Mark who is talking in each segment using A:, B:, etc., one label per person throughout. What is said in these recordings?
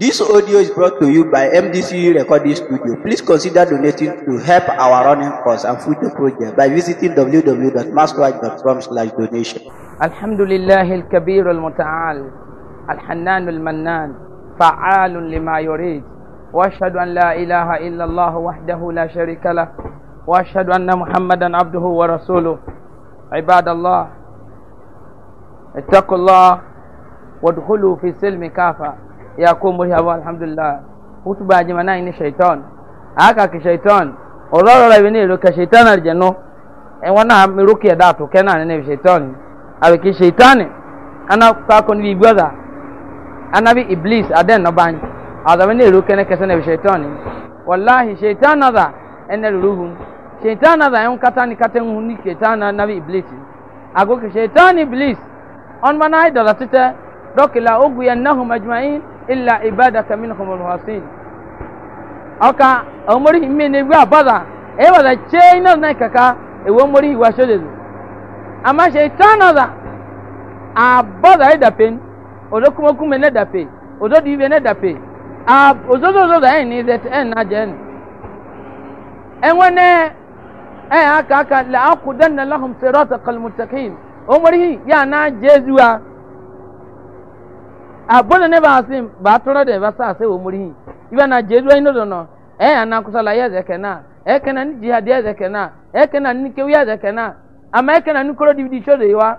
A: This audio is brought to you by MDCU Recording Studio. Please consider donating to help our running costs and future project by visiting www.maskwatch.com slash donation. الحمد لله الكبير المتعال الحنان المنان فعال لما يريد واشهد ان لا اله الا الله وحده لا شريك له واشهد ان محمدا عبده ورسوله عباد الله اتقوا الله وادخلوا في سلم كافه ya ko muri abu alhamdulillah hutu ba jima na ni shaitan aka ki shaitan ororo rabi ne ro ka shaitan arjano en wana mi ro ke da to kenan ne shaitan abi ki shaitan ana ka kon bi gwaza ana bi iblis aden no ban adabi ne ro kene kese ne shaitan wallahi shaitan nada en ruhu shaitan nada en kata ni kata ni shaitan na bi iblis ago ki shaitan iblis on mana ai da tete dokila ogu yannahum ajma'in illa ibadaka minhum almuhasin aka omori mi ne gwa bada e wala che ina na kaka e wo mori wa shode du ama shaytana da a bada da pen odo kuma kuma ne da pe odo di be ne da pe a ozo zo zo da ni that en na jen enwene eh aka aka la aqudanna lahum siratal muttaqin omori ya na jezuwa abone ne ba asim ba toro de ba sa se wo muri iba na jedu ai no dono e ana kusala ye zeke na e kana ni jihad ye zeke na e kana ni kewi ye zeke na ama e kana ni koro di di shode wa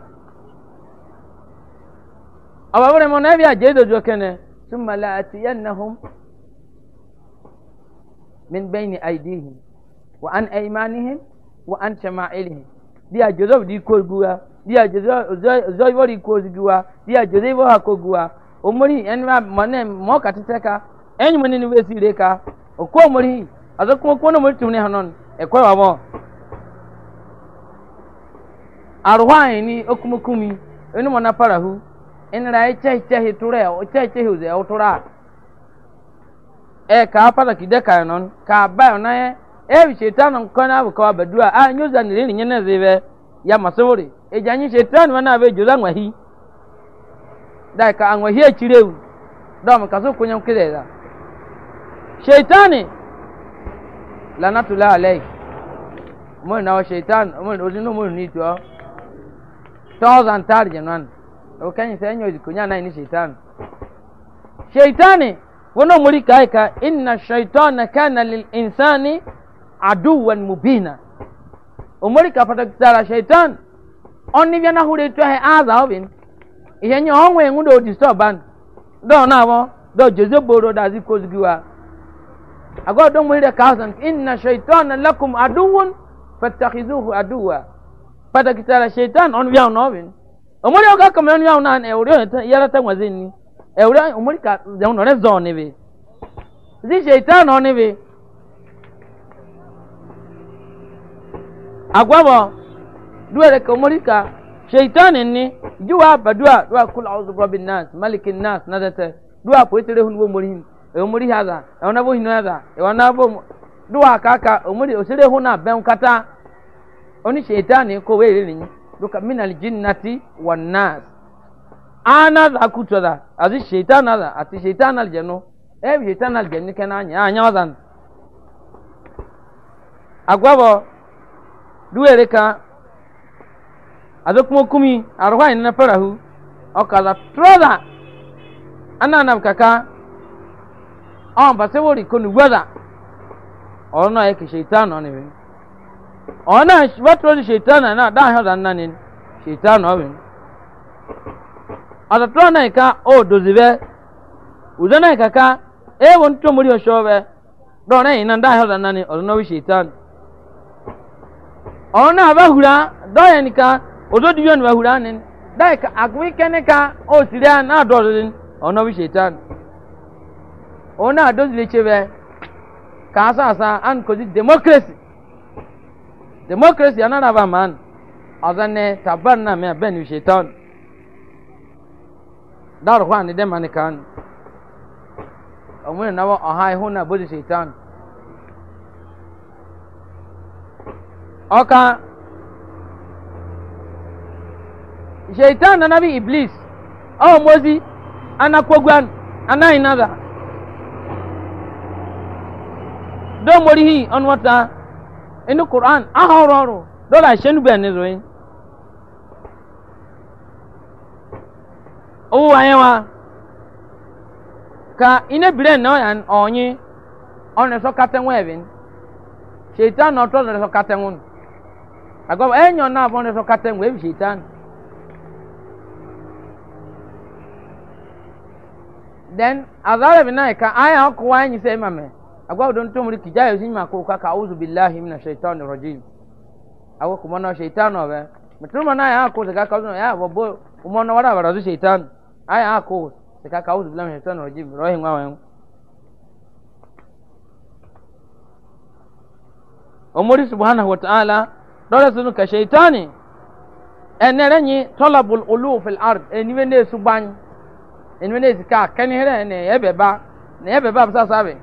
A: ababone mo na e bi a jedu jo kene summa la atiyannahum min bayni aydihim wa an aymanihim wa an shama'ilihim di a di ko guwa di a zo zo di ko guwa di a bo ha ko guwa omori enra mane mo katiteka enyum ni niwe sire ka okwo omori azo kuma kono omori tumne hanon ekwe wabo arwai ni okumukumi enu mona parahu enra eche eche hiture eche eche huze otura e ka para kideka non ka ba onaye ebi shetan nkona bu ka badua a nyoza ni rinye na zibe ya masori ejanyi shetan wana be joza ngwahi daika angwe hiye chireu dom kazu kunya mkireza sheitani lanatullah alayhi mun nawa shaitan mun ozinu mun ni to thousand tarjan wan o kanyi sai nyo kunya nai ni shaitan sheitani wono muri kai ka inna shaitana kana lil insani aduwan mubina umuri ka pata tara shaitan onni vyana hure to he aza obin ihe nye ọnwa enwu do disturb an do na abo do jezo boro da zi kozgiwa ago do mu ire kasan inna shaytana lakum aduwwun fattakhizuhu aduwa pada kitara shaytan on bia no bin omori oga kamon on bia no an ewre yara ta wazin ni ewre omori ka de e on e re zone be zi sheitani ni juwa badua duwa kul a'udhu bi rabbin nas malikin nas nadata duwa poitere hun wo murihin e muri hada e ona bo hinu hada e ona bo duwa kaka e omuri osere e hun na ben kata oni sheitani ko we ni duka minal jinnati wan nas ana za kutoda azi sheitan ala ati sheitan aljanu e sheitan aljanu kana anya anya wadan agwabo duwere ka azokuma kumi arwai na farahu okala troza ana na kaka on ba sewori konu wada ona yake shaitan on ne ona watro shaitan na da ha dan nan shaitan on ada trona ka o dozibe na kaka e won to muri oshobe do na ina da ha dan nan ona wi shaitan ona ba hura do yanika ozo di yɔn wahura ne dai ka agbe kene ka o siri a na dɔri ne ɔnɔ bi shetan ona adozi le tse bɛ ka asa asa democracy democracy anana ba man ɔzane taban na mɛ bɛn ni shetan dari hɔ a ne dɛma ne kan ɔmo ne nabɔ ɔha ihu na bozi shaitan na nabi iblis ọ mozi anakwogwan anaghị nada do morihi onwata inu quran aha ọrụ ọrụ dola shenube owu anyanwa ka ine bilen na ọya onye ọ na-esọ katenwe ebin shaitan na ọtọ na-esọ katenwe agwa enyo na abụọ na-esọ katenwe ebi shaitan then azara bi nai ka aya ko wa nyi sai mame agwa don to muri kijayo sin ma ko ka ka uzu billahi minash shaitani rajim awo kuma na shaitano be mutuma na ya ko daga ka ya bobo kuma na wara bara shaitan aya ko daga ka uzu billahi minash shaitani rajim rohin wa wen omori subhanahu wa ta'ala dole sunu ka shaitani enerenyi talabul ulu fil ard eniwe ne subani enwe na-ezika kene here na ebeba na ebeba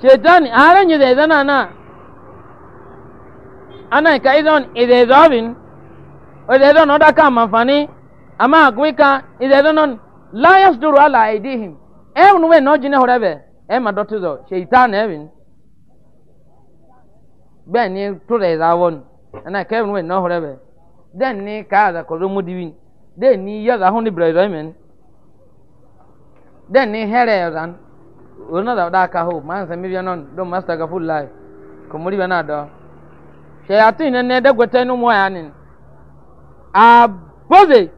A: shetani ara nyere eze na ana ka izon eze eze obin eze manfani? ama agwika eze eze non la ala aidihim ehun we no jine horebe e ma dotuzo shetani ebin bẹ́ẹ̀ ni tó rẹ̀ ìdáwọ́ nù ẹ̀ náà kẹ́hìn wẹ̀ náà ni den ni yaza ho ni brɛdɛ men den ni here zan ona da da ka ho man sɛ mi bi non do master ka full life ko muri bɛ na do sɛ ati ne ne da gwete no mo ya nin a boze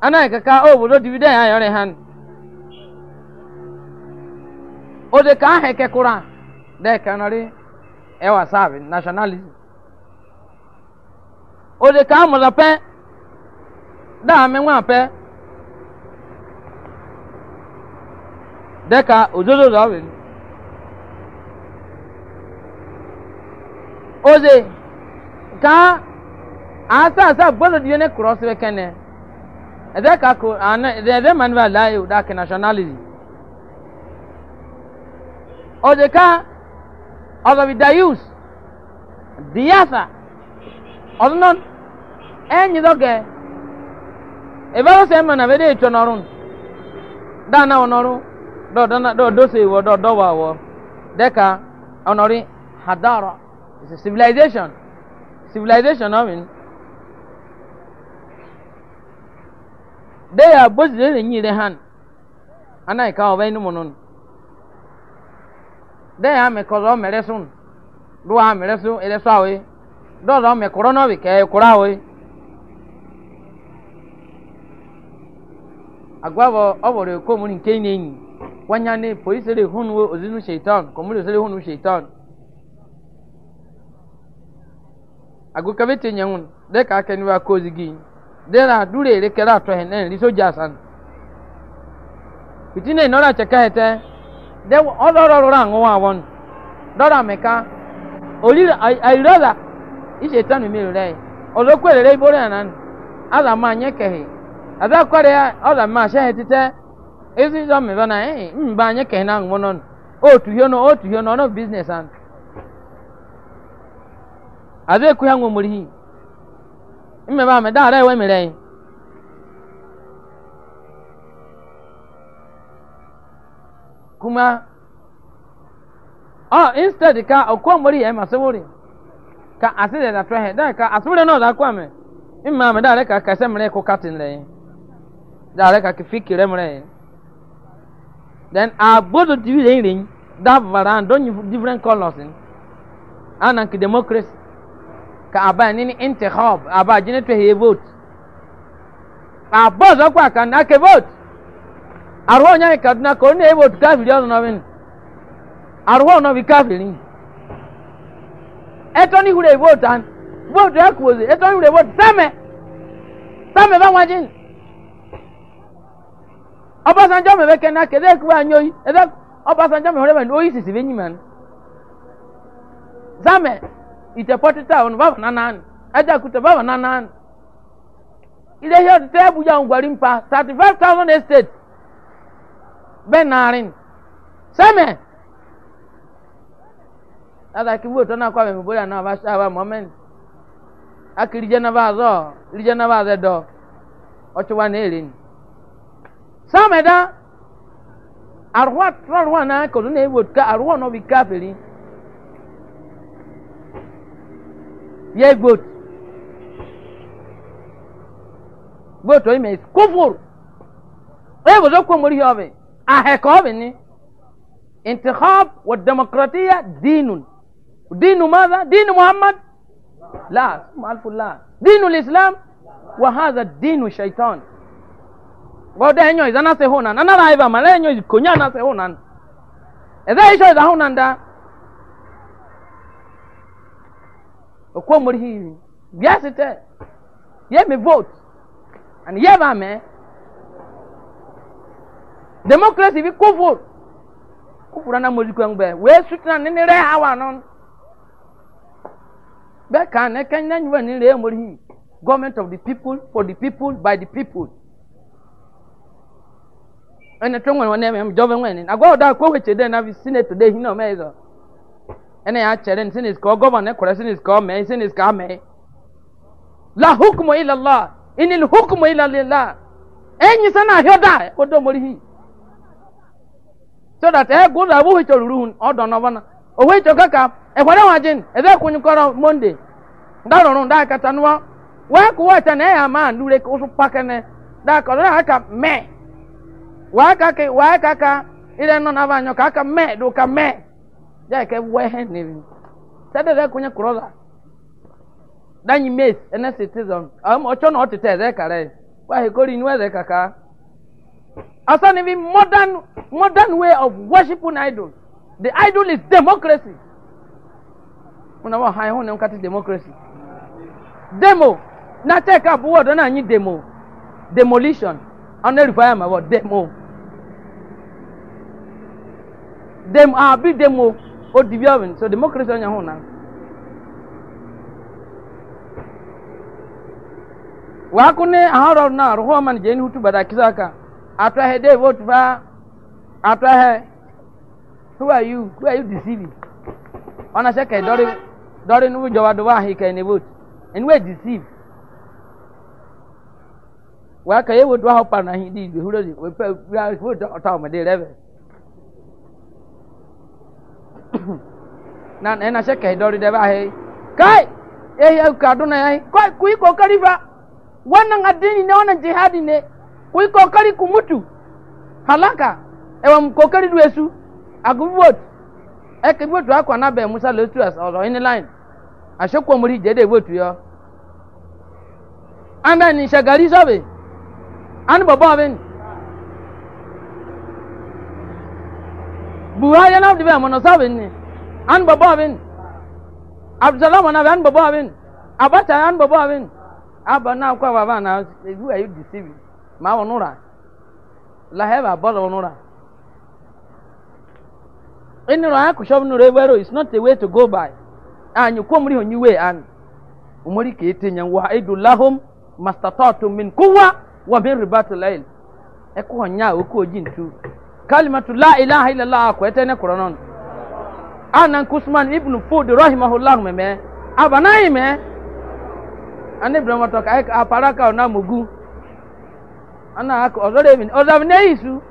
A: ana ka ka o bo do dividend ayɔ ne han o de ka hɛ kɛ kura dɛ kanɔri ɛwa saabi nationalism o de ka mɔlɔ pɛ. daa me nwa pɛ dɛka ozozo zɔ wele oze kaa asaasa bolo die ne korɔ sebe kɛnɛ ɛdɛ ka ko ana ɛdɛ ɛdɛ mani ba laaye o daake nationality oze ka ɔzɔbi dayus diasa ɔdunɔ ɛnyidɔ kɛ. ebere sɛ mma na bɛ de etwa n'ɔro daa na ɔnɔro dɔɔ dɔɔ dɔɔ dɔɔso ewɔ dɔɔ dɔɔ wɔ awɔ dɛka ɔnɔri hadara it's a civilization civilization ɔmin de yɛ abosi de nyi de han ana ika ɔbɛ nimu no de yɛ ame kɔzɔ mɛrɛ so do a mɛrɛ so ɛrɛ so awoe dɔɔ dɔɔ mɛ korɔ n'ɔbi kɛ korɔ awoe. agwabo obore ko muri nke nenyi wanyane poisere hunwe ozinu shaitan ko muri osere hunu shaitan agukabete nyangun de ka akeni wa kozigi de na dure ere kera to henen riso jasan pitine nora cheka hete de odoro rora anwo awon dora meka ori airola ishetanu mi rere ozokwelere ibore anan ala ma nyekehi ada kware ya ọla ma shehe tite ezi nzọ mmebe na ee mba anyị kehe na ngwụ nọ otu hie nọ otu hie nọ ọnụ biznes an ada ekwu ya ngwe mụrụ hi mmebe ahụ meda ara ewe mere anyị kuma ọ instead ka ọkwa mụrụ ya ma sewori ka asị dị na tụrụ ha ka asị wụrụ na ọ da akwa mme mma ahụ ara ka kasị mere kụ katin rẹ dare ka kifiki remre then a bodo tv rein rein that varan don you different colors in anan ki democracy ka aba ni ni intikhab aba jini to he vote a bozo kwa kan na ke vote arwo nya ni kaduna ko ni vote ka video no win arwo no bi ka filin eto ni hure vote an vote ya kuoze eto ni hure vote same same ba wajin ọbasanjọ mẹbẹ kẹna kẹdẹ kúrò anyoyi ẹdẹ e ọbasanjọ mẹbẹ mẹbẹ oyi sisi bẹ nyima ni zamẹ ìtẹpọtítà ọ̀nà bàbà nanan ẹdẹ kùtà bàbà nanan ilé yẹ ọtí tẹ abuja ngwari mpa thirty five thousand estate bẹ nàárín sẹmẹ adaki wo tọ́nà kọ́ àbẹ̀mí bóyá náà bá ṣe àbá mọ́mẹ́ntì akiri jẹ́ náà bá zọ́ rí jẹ́ náà bá zẹ́ dọ́ ọtí wa náà èrè ni. sameda arwa trarwa na ko ne wodka arwa no bi kafiri ye got got o me kufur e bo zo ko mori yobe a he ko be ni انتخاب والديمقراطية دين دين ماذا؟ دين محمد لا ألف لا دين الإسلام وهذا الدين الشيطان ngoda enyo izana se honan anara iva male enyo konya na se honan eza isho iza honan da okwo muri hiwi biasite ye me vote and ye ba me democracy bi ko vote kufura na muri kwen be we na ni re hawa non be kan ne kan na ni re muri government of the people for the people by the people ene tro ngwen wona em jove na go da ko weche de na senate de hino mezo ene ya chere ni senate ko governor ko senate ko me senate ka me la hukmu ila allah inil hukmu ila lillah enyi sana hyoda odo mori hi so that e go da wo weche ruru odo no bana o weche kaka e kwara wajin e da kunyu koro monday da da kata na da aka waka ke waka ka ile no na banyo kaka me do ka me ja ke wehe ni sada da kunya kurola danyi mes ene citizen am ocho no otete ze kare wa he kori nwe ze kaka asa ni modern modern way of worshiping idol the idol is democracy una wa hai honem kati democracy demo na take up word na anyi demo demolition ɔno require ma wɔ dem o dem a bi dem o odi bi ɔbɛn so democracy ɔnyɛ ho na waako ne ahorow na roho ɔma no gyeni hutu bada kisaka atɔ hɛ de vote fa atɔ hɛ who are you who are you deceiving ɔna sɛ kɛ dɔre dɔre no wo jɔba do wa ahi kɛ ne deceive. waka ye wodo ahɔ pa na di idu huro wia wodo ɔtɔ ɔmɛde rɛbɛ na ɛna hyɛ kɛyi dɔri dɛ baahe kai ehi ekuka do na yahi kai kui wannan addini ne wannan jihadi ne kui kɔkari ku mutu halaka ɛwɔ mu kɔkari do esu agu vote ɛkɛ vote akɔ anabɛ musa ani bɔbɔ bi buhari yɛn abdi bi amɔnɔsa bi ni ani bɔbɔ bi abdulsalam ɔna bi ani bɔbɔ bi abacha ani bɔbɔ bi aba na akɔ baba na ewu ayi disi bi ma wɔn nura lahɛba bɔlɔ wɔn nura eniro ayi akusɔ bi nura ewero it's not a way to go by anyi kɔmri hɔn nyi way and omori kete nyɛ wa edu lahom mastatɔtum min kowa. wa min ribatul layl e ko nya o ko jin tu kalimatu la ilaha illallah ko ete ne koronon anan kusman ibn fud rahimahullah meme abanai me ani ibrahim to ka aparaka na mugu ana ak ozore mi ozore ne isu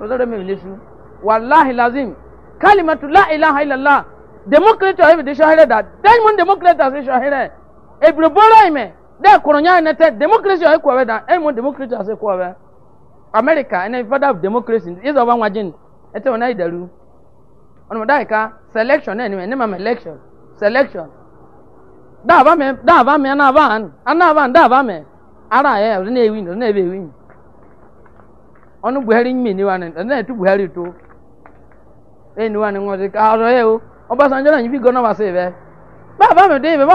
A: ozore mi nisu wallahi lazim kalimatu la ilaha illallah democrat of the shahira that diamond democrat as shahira ibrahim de kụrụ nya nete demokrasi ọ ekwuwe da emu demokrasi ọ ekwuwe america ene father of democracy ịzọ ọba nwa jin ete da ka selection na enwe nema election selection da aba da aba ana aba an ana aba da aba ara ya ọ ewu ewi ọ na-ebe ewi ọnụ buhari ni etu buhari to eni wa ka ọzọ o na nyi fi gọ na wasa ba aba me de ebe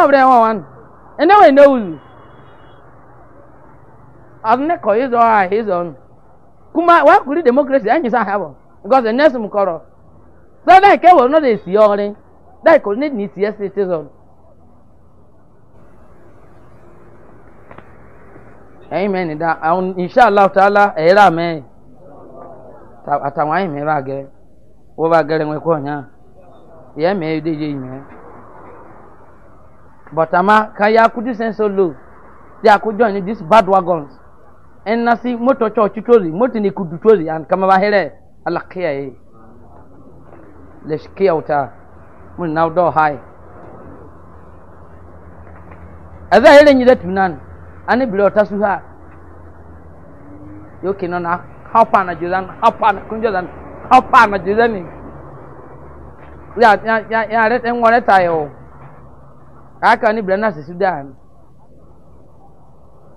A: adịnekọ ịzọ ọha ịzọ ọnụ kuma wa kuri demokrasi anyị sa ha bụ because the next m kọrọ so dai ke wọ n'ọdọ esi ọrị dai kọ n'ịdị n'isi esi citizen ẹyin mẹni da àwọn inshallah taala ẹyẹra mẹyìn àtàwọn ẹyin mẹrin àgẹ wọ́n bá gẹrẹ wọn kọ́ ọ̀yàn ìyẹn mẹyìn déjé yìí mẹ bọ̀tàmá kàyà kú dísẹ́ńsọ lò tí a eh. kó join this bad wagons. si moto chochi chozi moto ni kudu chozi an kama bahire alakia ye leshikia uta na now do Eze aza hele nyide tunan ani bilo tasu ha yoki nona hapa na jizan hapa na kunjazan hapa na jizani ya ya ya ya rete ngore tayo aka ni bila na sisudan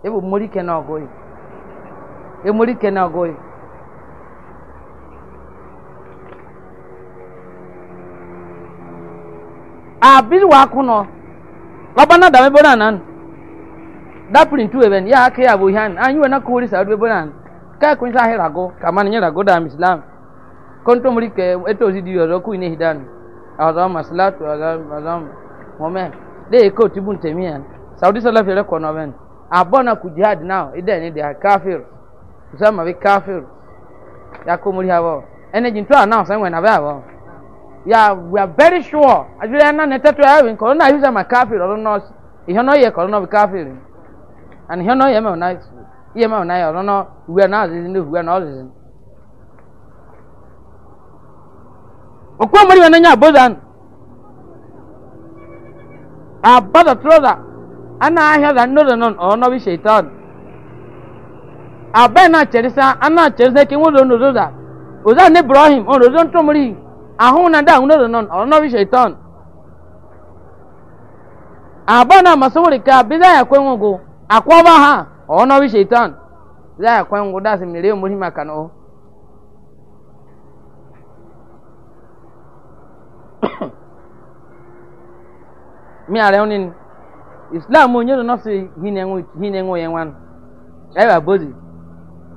A: ebo mori kenan ogoyi emori kene ogoyi abiri wa kuno ọba na dame bona nan dapiri tu eben ya ke ya bo han anyi wena ko wori saudi bona ka kun sa herago kama ni rago da islam konto muri ke eto si di yoro ku ine hidan azam maslatu azam azam momen de ko tibun temian saudi sala re kono ben abona ku jihad now ide ni de kafir usama bi kafir ya ko muri hawo ene jintu announce en wena ba ya we are very sure ajure na ne tetu ya win corona usama kafir or not ihe no ye corona bi kafir and ihe no ye ma na ye ma na ya no we na azizi ne we na azizi okwa muri wena nya bozan abada troza ana ahia da no no no no bi shaitan abe na cherisa ana cherisa ke nwodo nodo da oza ne ibrahim on rozo ntomri ahun na da nodo non ono bi shaitan aba na nwere ka biza ya kwengo akwaba ha ono bi shaitan za ya kwengo da simire muri maka no mi are onin islam no se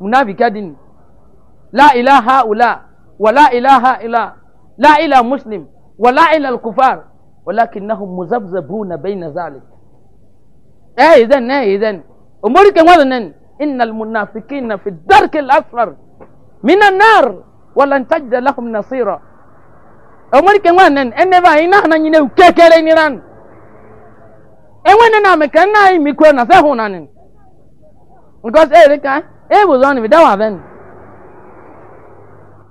A: munafika din لا إله هؤلاء ولا إله إلا لا إله مسلم ولا إله الكفار ولكنهم مزبزبون بين ذلك ايه اذن ايه اذن أمورك مذنن ان المنافقين في الدرك الأسفر من النار ولن تجد لهم نصيرا أمورك مذنن ان با هنا هنا ني ككل ني ران اي وين انا مكن اي سهونا نن because ايه كان ebuzoni bidawa then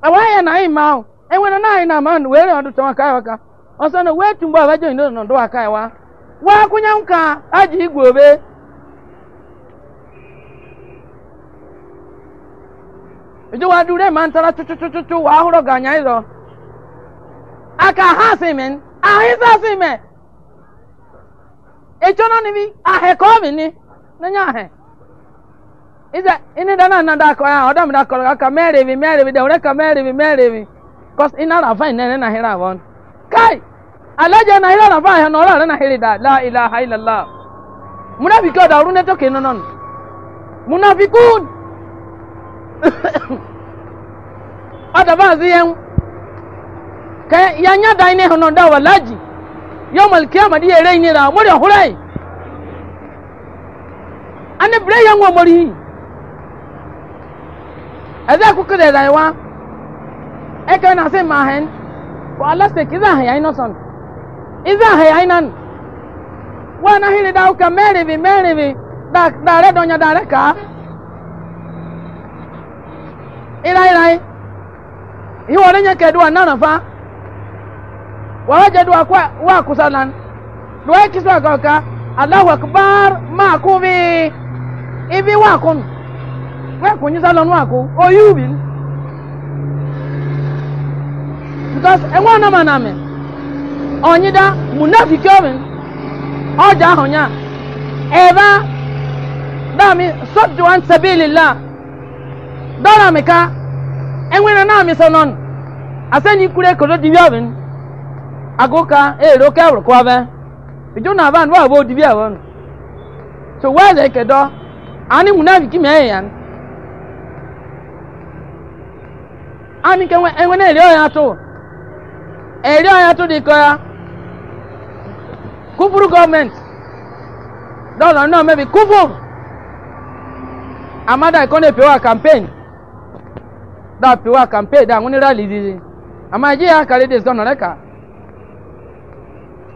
A: awa ya na ima o enwere na anyị na ama wee rịọ ọdụ tọwa kaiwa ka ọsọ na wee tumgbe ọba jọọ ndọrọ ndọwa kaiwa wee kwụnye nka aji igwe obe ijuwa dure ma ntara tutututu wa ahụrụ ga anya ịzọ aka ha si men ahịza si men ịchọ nọ n'imi ahịkọ mi ni n'enye ahịa Isa ini dana nanda da ko ya ah, oda mi da ko ka mere bi mere bi da ore ka Cause ina ra fa ina na hira won. Kai. Alaja na hira ra fa ya no ra na hira da la ilaha illallah. Munafiki da rune to ke nonon. Munafikun. Ada ba ziyen. Kai yanya da ine hono da walaji. Yawmal kiyama di ere ni ra mo de hurai. Ani bre yan wo mori ɛdi akuku de da wa ɛkɛ e na se ma hɛn wɔ alasek iza ahɛ yain nɔsɔn iza ahɛ yain nan wa na hiri da uka mɛri bi mɛri bi da da rɛ dɔnya da rɛ kaa ira ira yi iwɔ ne nyɛ kɛ do nana fa wa wa jɛ do a kɔ wa kusa lan do a kɔ ka alahu akubar maa kubi ibi wa kun. wekwụnyeza lọnụ akụ oyi ubi because enwe anama na amị onyida munafiki obi ọja ahụ nya ebe dami sọdụwan sabilila dọla mịka enwere na amị sọnọn asẹni kure kodo dibi obi agoka ero kẹwùrù kọ abẹ ìjọ náà bá nù wà bó dibi so àní ani nke enwe na-eri ọya atụ eri ọya atụ dịkọ ya kufuru gọọmenti dọla nnọọ mebi kufuru amada ikọ na-epewa kampen da pewa kampen da nwunye rali dịdị ama ji ya karị dị zọ nọrọ ka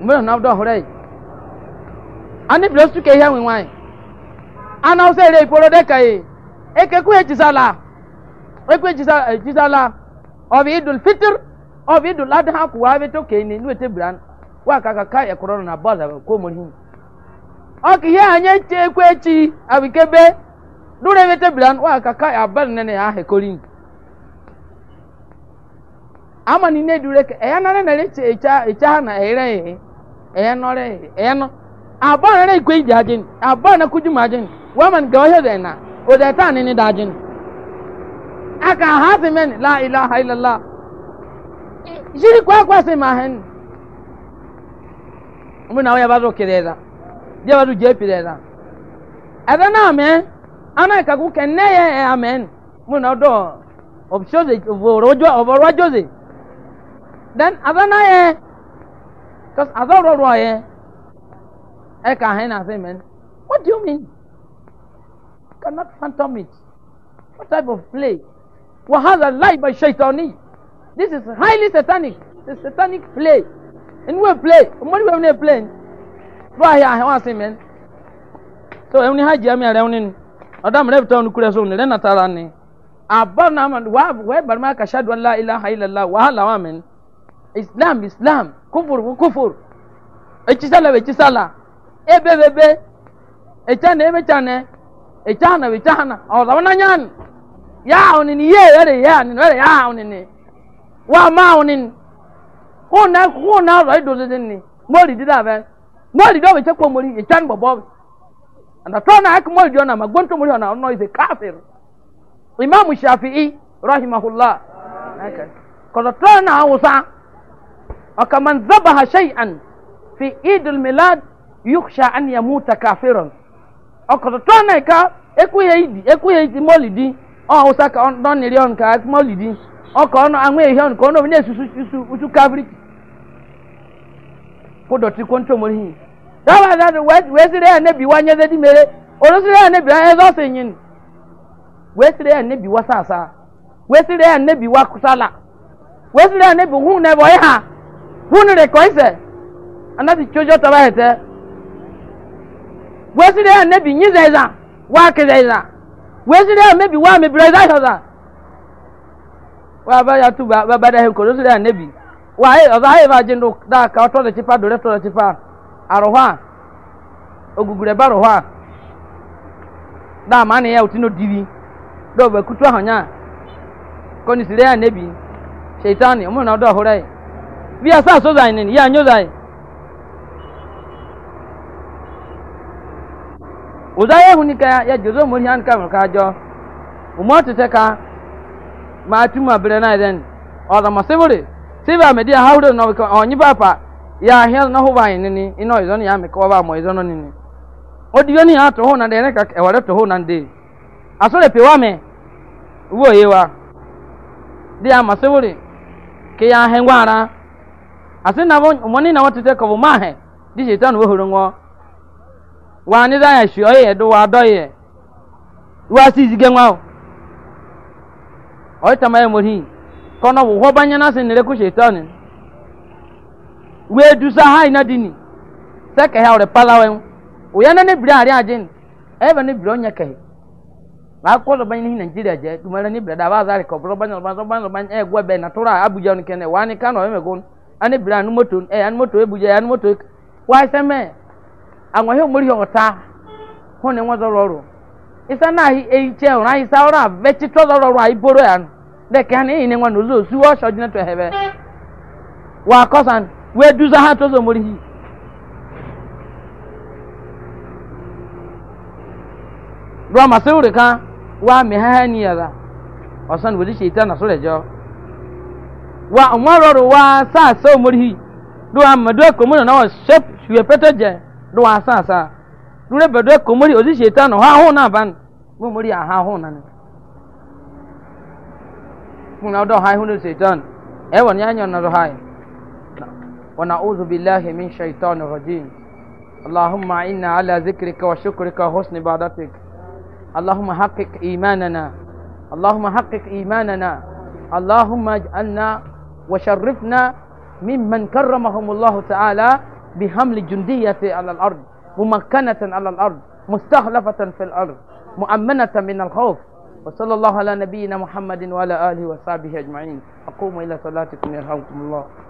A: mgbe na ọdọ ọhụrụ anyị ani bilosu ke ihe nwe nwanyị ana ọsọ ere ikporo dịka ya ekekwu ejizala ekwu ejizala ọbụ idul fitir ọbụ idul adha kuwa abe to kene nuwe tebura an ka ya korona na bọza ko mo hin ọkụ ihe anyị eche ekwe echi abikebe dure ebe ya bal nene ya ama ni ne dure ke eya nare nare echa echa na ere eya nore eya no na kujuma na ni ni da aka hati men la ilaha illallah jiri kwa kwa se mahen muna waya bazo kireza je bazo je pireza adana amen ana ka ku kenne ye e amen muna do obshoze rojo oborojoze then adana ye cuz adoro ro ye e ka hen na se men what do you mean cannot phantom it what type of play وهذا اللعب الشيطاني this is highly satanic the satanic play And we play money we no play do ahi ahi wan sin men so ewni ha jami are ewni adam rev town kure so ne na tara ni abba na man wa we bar ma ka shadu la ilaha illallah wa hala wa men islam islam kufur kufur echisala echisala ebebebe echana emechana echana echana awala wananyani yaa onini yee ɛde yaa onini ɛde yaa onini waa maa onini hun na hun na zɔyi do didi ni mori didi abɛ mori dɔw bɛ kye ko mori etwa ni bɔbɔ and atɔ na ake mori diɔ na ma gbɔnto mori ɔna ɔnɔ ise kafir imam shafi'i rahimahullah kɔtɔtɔ na awusa ɔka man zabaha shay'an fi idil milad yuksha an yamuta kafiran ɔkɔtɔtɔ na ika eku ye idi eku ye idi mori di. ọ hụsa ka ọ nịrị ọnụ ka mọlidi ọ ka ọnụ anwụ ehi ọnụ ka ọnụ obi na-esusu isu usu kavrik kụdọtị kwọ ntụ omori hin dọba dada wee sịrị ya nebi wa nyeze di mere olu sịrị ya nebi wa eze ọsọ enyin wee sịrị ya nebi wa sasa wee sịrị ya nebi wa kusala wee sịrị ya nebi hụ na ebe ọ ha hụ na rekọ ise anaghị chọjọ tọba ete wee sịrị ya nebi nyize ịza wa akịza ịza wezi leo maybe wa amebrother sasa wa baya tu ba ba da ko leo nebi wa he oza he ba jindo da ka to de chipa do resto de chipa aroha ogugure ba roha da ma ne ya utino divi do ba kutu hanya ko ni sire ya nebi sheitani omo na do horai bi asa so zai ni ya nyo zai ụzọ ya hụ nika ya jezo mori ya ka ajọ ụmụ ọtụtụ ka ma atụm abere na ịdị ọzọ ma siviri siviri amedi ya ha hụrụ na ọnyị ya ahịa na ọhụba anyị nini ịna ọzọ ya amị kọwa ma ọzọ nọ nini Ọ ni ya atụ hụ na ndị ka ewere hụ na ndị asọrọ mị di ya ma ka ya ahịa ngwa asị na bụ ma ahịa ọ hụrụ wani da ya shi oye do wa do ye wa si zige nwa o oita mai mo hin kono wo ho banya na sin re ku shetan we du sa hai na dini se ke ha ore pala wen o ya na ne bira ari ajin e ba ne bira onya ke ma ko lo banya ni nigeria je du mara ni bira da ba za re ko bro banya ba so banya banya e gwa be na tura abuja on kene wani kano e megun ani bira anu moto e eh, anu moto e buja anu moto wa se me anwahi omori yɔ ɔta ho ne ŋɔ zɔrɔ ro isa na eyi kyɛ ɔra isa ɔra vɛtsi tɔ zɔrɔ ro a boro ya no dɛ kɛhɛ ne eyi ne ŋɔ no zo su ɔsɔ gyina tɔ hɛ wa kɔsan wo edu za ha tɔ zɔ omori hi rɔma sewuri kan wa mi hɛhɛ ni yɛra ɔsan wòle si ita na so lɛ jɔ wa ɔmɔ rɔro wa saa sɛ omori hi do amadu ekomo na na wɔ sɛ suye pɛtɛ do asasa do le bedo ko mori ozi shaitan ha ho na ban mo mori a ha ho na ni kuna do ha ho ni shaitan e won ya nyon na do ha wa na'udhu billahi min shaitanir rajim اللهم إنا على ذكرك وشكرك وحسن عبادتك اللهم حقق إيماننا اللهم حقق إيماننا اللهم اجعلنا وشرفنا ممن كرمهم الله تعالى بحمل الجندية على الأرض ممكنة على الأرض مستخلفة في الأرض مؤمنة من الخوف وصلى الله على نبينا محمد وعلى آله وصحبه أجمعين أقوموا إلى صلاتكم يرحمكم الله